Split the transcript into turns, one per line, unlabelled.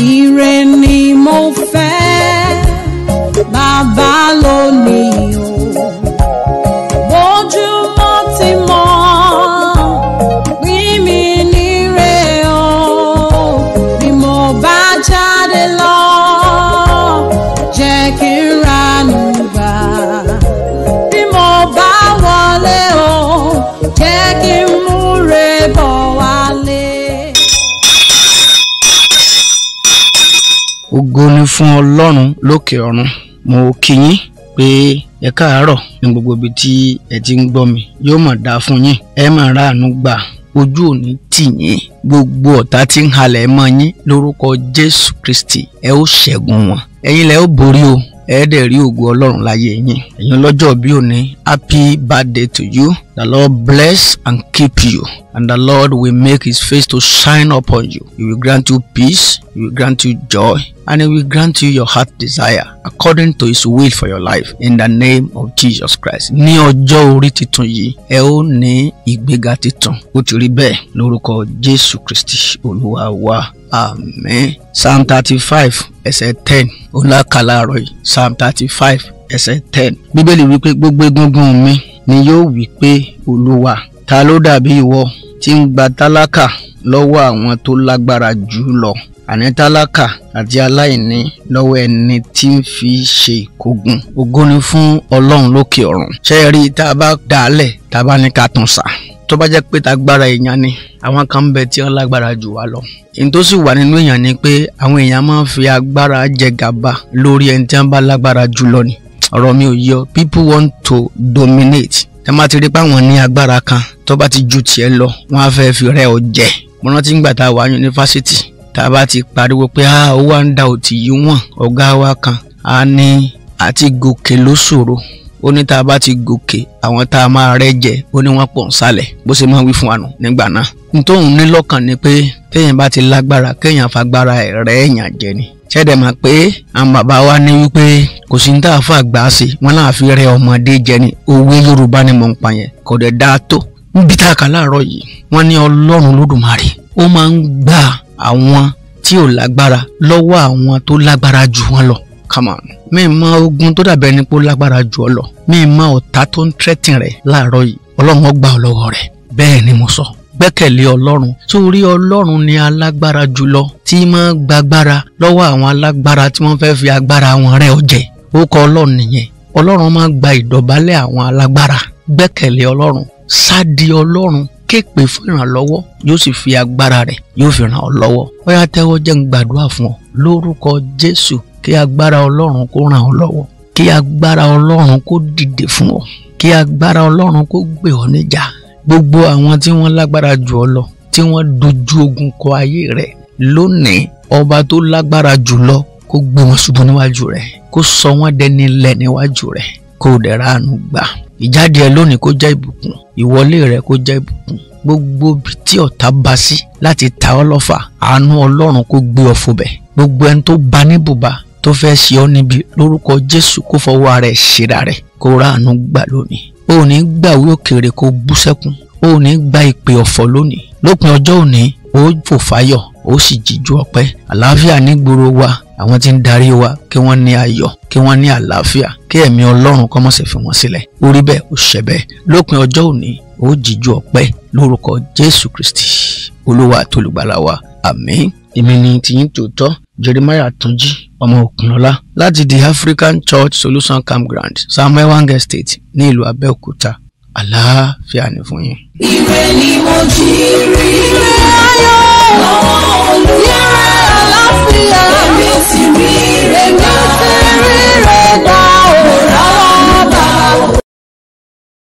ire in mo fẹ́ bàbá ògo ni fún ọlọ́run lókè ọ̀run mo kí yín pé ẹ káàárọ̀ ní gbogbo ibi tí ẹ ti ń gbọ́ mi yóò mọ̀ dáa fún yín ẹ máa ráàánú gbà ojú ò ní tì yín gbogbo ọ̀tá tí ń halẹ̀ mọ́ yín lórúkọ Jésù Kristi ẹ ó ṣẹ́gun wọn ẹ̀yin lẹ́ ó borí o ẹ dẹ̀ ọlọ́run láyé yín ẹ̀yin lọ́jọ́ bí òní happy birthday to you The Lord bless and keep you, and the Lord will make his face to shine upon you. He will grant you peace, he will grant you joy, and he will grant you your heart desire according to his will for your life in the name of Jesus Christ. Ní ọjọ́ orí titun yìí, ẹ ó ní ìgbéga titun. Ó ti rí Jésù Kristi Olúwa wa. Àmín. Psalm thirty-five ẹsẹ̀ ten. Ó lákàlà Psalm thirty-five ẹsẹ̀ ten. Bíbélì wípé gbogbo egungun mi ni yóò wí pé olúwa ta ló dàbí ìwọ tí ń gba tálákà lọ́wọ́ àwọn tó lágbára jù lọ àní tálákà àti aláìní lọ́wọ́ ẹni tí ń fi ṣe ìkógun ògo ni fún ọlọ́run lókè ọ̀run ṣé ẹ rí tá a bá dàálẹ̀ tá a bá ní ká tún sà tó bá jẹ́ pé tagbára èèyàn ni àwọn kan ń bẹ tí wọ́n lágbára jù wá lọ. èyí tó sì wà nínú èèyàn ni pé àwọn èèyàn máa ń fi agbára jẹ gàba lórí ẹni tí wọ́n bá lágbára jù lọ ni ọ̀rọ̀ mi ò yọ people want to dominate ẹ má ti rí pé àwọn ní agbára kan tó bá ti ju tiẹ̀ lọ wọ́n á fẹ́ fi rẹ́ ọ jẹ mo rántí ń gbà tá a wà yunifásitì tá a bá ti pariwo pé a ó wá ń da òtì yìí wọ̀n ọ̀gá wa kan a ní àti gòkè ló ṣòro ó ní tá a bá ti gòkè àwọn tá a máa rẹ́ jẹ ó ní wọ́n pọ̀ ń sálẹ̀ bó ṣe máa wí fún àná nígbà náà n tóun ní lọ́kàn ni pé téèyàn bá ti lágbára kéèyàn fagbára ẹ̀ rẹ́ èèyàn jẹ ni ṣẹ́dẹ̀ mọ̀ pé àwọn bàbá wa ní wípé kò sí ní tààfà gbà á sí wọn náà fi rẹ ọmọdé jẹ ni òwe Yorùbá ni mò ń pa yẹn kò dẹ̀ dáa tó níbi tá a kà láàárọ̀ yìí wọ́n ní Ọlọ́run Olódùmarè ó máa ń gba àwọn tí ò lágbára lọ́wọ́ àwọn tó lágbára jù wọ́n lọ come on mi mọ ogun tó dàbẹ̀ ni pé ó lágbára jù ọ lọ mi mọ ọ̀tá tó ń tẹ́tìn rẹ̀ láàárọ̀ yìí Ọlọ́run ó gbà ọ bẹ́ẹ̀ ni mo sọ gbẹ́kẹ̀lé ọlọ́run torí ọlọ́run ni alágbára jùlọ tí máa gbàgbára lọ́wọ́ àwọn alágbára tí wọ́n fẹ́ fi agbára wọn rẹ́ ọ jẹ ó kọ ọlọ́run nìyẹn ọlọ́run máa gba ìdọ̀bálẹ̀ àwọn alágbára gbẹ́kẹ̀lé ọlọ́run sádi ọlọ́run képe fún ìrànlọ́wọ́ yóò sì fi agbára rẹ̀ yóò fi ràn ọ́ lọ́wọ́ ó yá tẹ́wọ́ jẹ́ ń gbàdúrà fún ọ lórúkọ Jésù kí agbára ọlọ́run kó ràn ọ́ lọ́wọ́ kí agbára ọlọ́run kó dìde fún ọ kí agbára ọlọ́run kó gbé ọ níjà gbogbo àwọn tí wọ́n lágbára jù ọ lọ tí wọ́n dojú ogun kọ ayé rẹ lónìí ọba tó lágbára jù lọ kó gbé wọn ṣubú níwájú rẹ kó sọ wọn dẹni lẹ níwájú rẹ kó dẹ̀ra àánú gbà ìjáde ẹ lónìí kó jẹ́ ìbùkún ìwọlé rẹ kó jẹ́ ìbùkún gbogbo tí ọ̀tá bá sí láti ta ọ lọ́fà àánú ọlọ́run kó gbé ọ fò gbogbo ẹni tó bá ní tó fẹ́ ṣe ọ níbi lórúkọ jésù kó fọwọ́ ara ṣe rà rẹ̀ kó ráàánú gbà lónìí o ò ní gba òwe òkèèrè kó bú sẹ́kún o ò ní gba ìpè ọ̀fọ̀ lónìí lópin ọjọ́ òní ó fò fáyọ̀ ó sì jíjú ọpẹ́ àlàáfíà nígboro wa àwọn tí ń darí wa kí wọ́n ní ayọ̀ kí wọ́n ní àlàáfíà kí ẹ̀mí ọlọ́run kọ́ mọ̀ sí fi wọ́n sílẹ̀ ó rí bẹ́ẹ̀ ó ṣẹ bẹ́ẹ̀ lópin ọjọ́ òní ó jíjú ọpẹ́ lórúkọ jésù kristi olúwa àtolùgbàlà wa àmín èmi ni tiyín tòótọ́ jeremiah túnjí ọmọ òkunlọ́lá láti the African Church Solution Campground Samuel Wange Estate ní ìlú Abẹ́òkúta àlàáfíà ni fún yín. ire ni mo jí rí rẹ́ ayọ̀